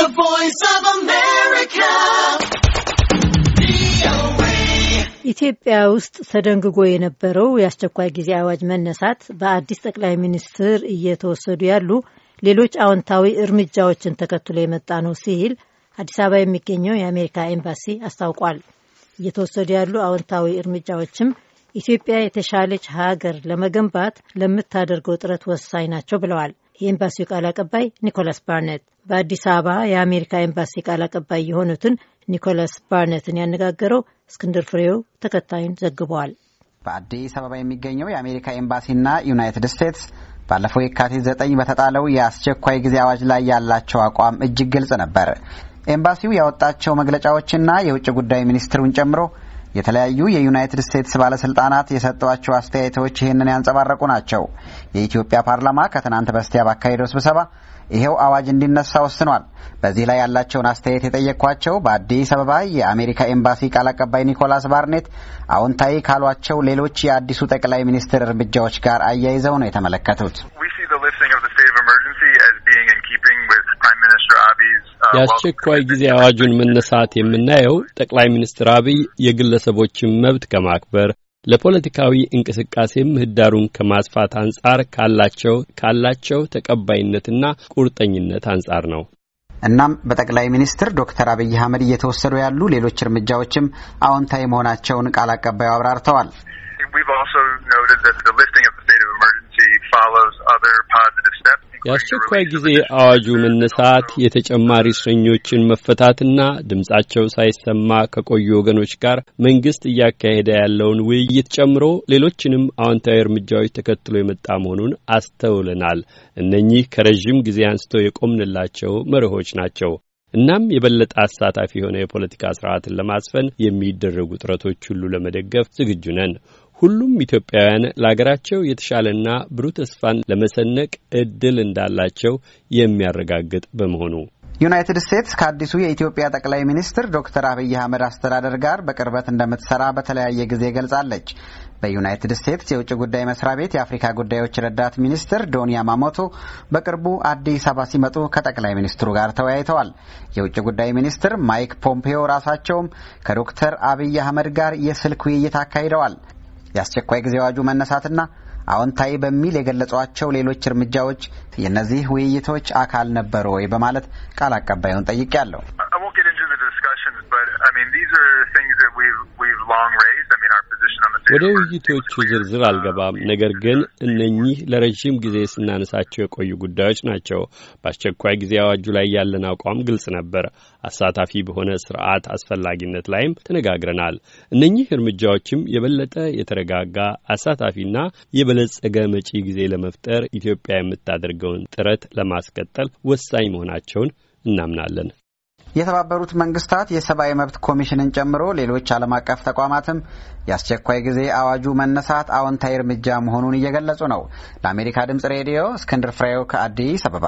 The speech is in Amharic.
The Voice of America. ኢትዮጵያ ውስጥ ተደንግጎ የነበረው የአስቸኳይ ጊዜ አዋጅ መነሳት በአዲስ ጠቅላይ ሚኒስትር እየተወሰዱ ያሉ ሌሎች አዎንታዊ እርምጃዎችን ተከትሎ የመጣ ነው ሲል አዲስ አበባ የሚገኘው የአሜሪካ ኤምባሲ አስታውቋል። እየተወሰዱ ያሉ አዎንታዊ እርምጃዎችም ኢትዮጵያ የተሻለች ሀገር ለመገንባት ለምታደርገው ጥረት ወሳኝ ናቸው ብለዋል የኤምባሲው ቃል አቀባይ ኒኮላስ ባርኔት። በአዲስ አበባ የአሜሪካ ኤምባሲ ቃል አቀባይ የሆኑትን ኒኮላስ ባርነትን ያነጋገረው እስክንድር ፍሬው ተከታዩን ዘግበዋል። በአዲስ አበባ የሚገኘው የአሜሪካ ኤምባሲና ዩናይትድ ስቴትስ ባለፈው የካቲት ዘጠኝ በተጣለው የአስቸኳይ ጊዜ አዋጅ ላይ ያላቸው አቋም እጅግ ግልጽ ነበር። ኤምባሲው ያወጣቸው መግለጫዎችና የውጭ ጉዳይ ሚኒስትሩን ጨምሮ የተለያዩ የዩናይትድ ስቴትስ ባለስልጣናት የሰጧቸው አስተያየቶች ይህንን ያንጸባረቁ ናቸው። የኢትዮጵያ ፓርላማ ከትናንት በስቲያ ባካሄደው ስብሰባ ይሄው አዋጅ እንዲነሳ ወስኗል። በዚህ ላይ ያላቸውን አስተያየት የጠየቅኳቸው በአዲስ አበባ የአሜሪካ ኤምባሲ ቃል አቀባይ ኒኮላስ ባርኔት አዎንታዊ ካሏቸው ሌሎች የአዲሱ ጠቅላይ ሚኒስትር እርምጃዎች ጋር አያይዘው ነው የተመለከቱት። Uh, የአስቸኳይ ጊዜ አዋጁን መነሳት የምናየው ጠቅላይ ሚኒስትር አብይ የግለሰቦችን መብት ከማክበር ለፖለቲካዊ እንቅስቃሴ ምህዳሩን ከማስፋት አንጻር ካላቸው ካላቸው ተቀባይነትና ቁርጠኝነት አንጻር ነው። እናም በጠቅላይ ሚኒስትር ዶክተር አብይ አህመድ እየተወሰዱ ያሉ ሌሎች እርምጃዎችም አዎንታዊ መሆናቸውን ቃል አቀባዩ አብራርተዋል። የአስቸኳይ ጊዜ አዋጁ መነሳት የተጨማሪ እስረኞችን መፈታትና ድምጻቸው ሳይሰማ ከቆዩ ወገኖች ጋር መንግስት እያካሄደ ያለውን ውይይት ጨምሮ ሌሎችንም አዎንታዊ እርምጃዎች ተከትሎ የመጣ መሆኑን አስተውለናል። እነኚህ ከረዥም ጊዜ አንስቶ የቆምንላቸው መርሆች ናቸው። እናም የበለጠ አሳታፊ የሆነ የፖለቲካ ስርዓትን ለማስፈን የሚደረጉ ጥረቶች ሁሉ ለመደገፍ ዝግጁ ነን። ሁሉም ኢትዮጵያውያን ለአገራቸው የተሻለና ብሩህ ተስፋን ለመሰነቅ እድል እንዳላቸው የሚያረጋግጥ በመሆኑ ዩናይትድ ስቴትስ ከአዲሱ የኢትዮጵያ ጠቅላይ ሚኒስትር ዶክተር አብይ አህመድ አስተዳደር ጋር በቅርበት እንደምትሰራ በተለያየ ጊዜ ገልጻለች። በዩናይትድ ስቴትስ የውጭ ጉዳይ መስሪያ ቤት የአፍሪካ ጉዳዮች ረዳት ሚኒስትር ዶኒ ያማሞቶ በቅርቡ አዲስ አበባ ሲመጡ ከጠቅላይ ሚኒስትሩ ጋር ተወያይተዋል። የውጭ ጉዳይ ሚኒስትር ማይክ ፖምፔዮ ራሳቸውም ከዶክተር አብይ አህመድ ጋር የስልክ ውይይት አካሂደዋል። የአስቸኳይ ጊዜ አዋጁ መነሳትና አዎንታዊ በሚል የገለጿቸው ሌሎች እርምጃዎች የእነዚህ ውይይቶች አካል ነበሩ ወይ በማለት ቃል አቀባዩን ጠይቄያለሁ። ወደ ውይይቶቹ ዝርዝር አልገባም። ነገር ግን እነኚህ ለረዥም ጊዜ ስናነሳቸው የቆዩ ጉዳዮች ናቸው። በአስቸኳይ ጊዜ አዋጁ ላይ ያለን አቋም ግልጽ ነበር። አሳታፊ በሆነ ስርዓት አስፈላጊነት ላይም ተነጋግረናል። እነኚህ እርምጃዎችም የበለጠ የተረጋጋ አሳታፊና የበለጸገ መጪ ጊዜ ለመፍጠር ኢትዮጵያ የምታደርገውን ጥረት ለማስቀጠል ወሳኝ መሆናቸውን እናምናለን። የተባበሩት መንግስታት የሰብአዊ መብት ኮሚሽንን ጨምሮ ሌሎች ዓለም አቀፍ ተቋማትም የአስቸኳይ ጊዜ አዋጁ መነሳት አዎንታዊ እርምጃ መሆኑን እየገለጹ ነው። ለአሜሪካ ድምጽ ሬዲዮ እስክንድር ፍሬው ከአዲስ አበባ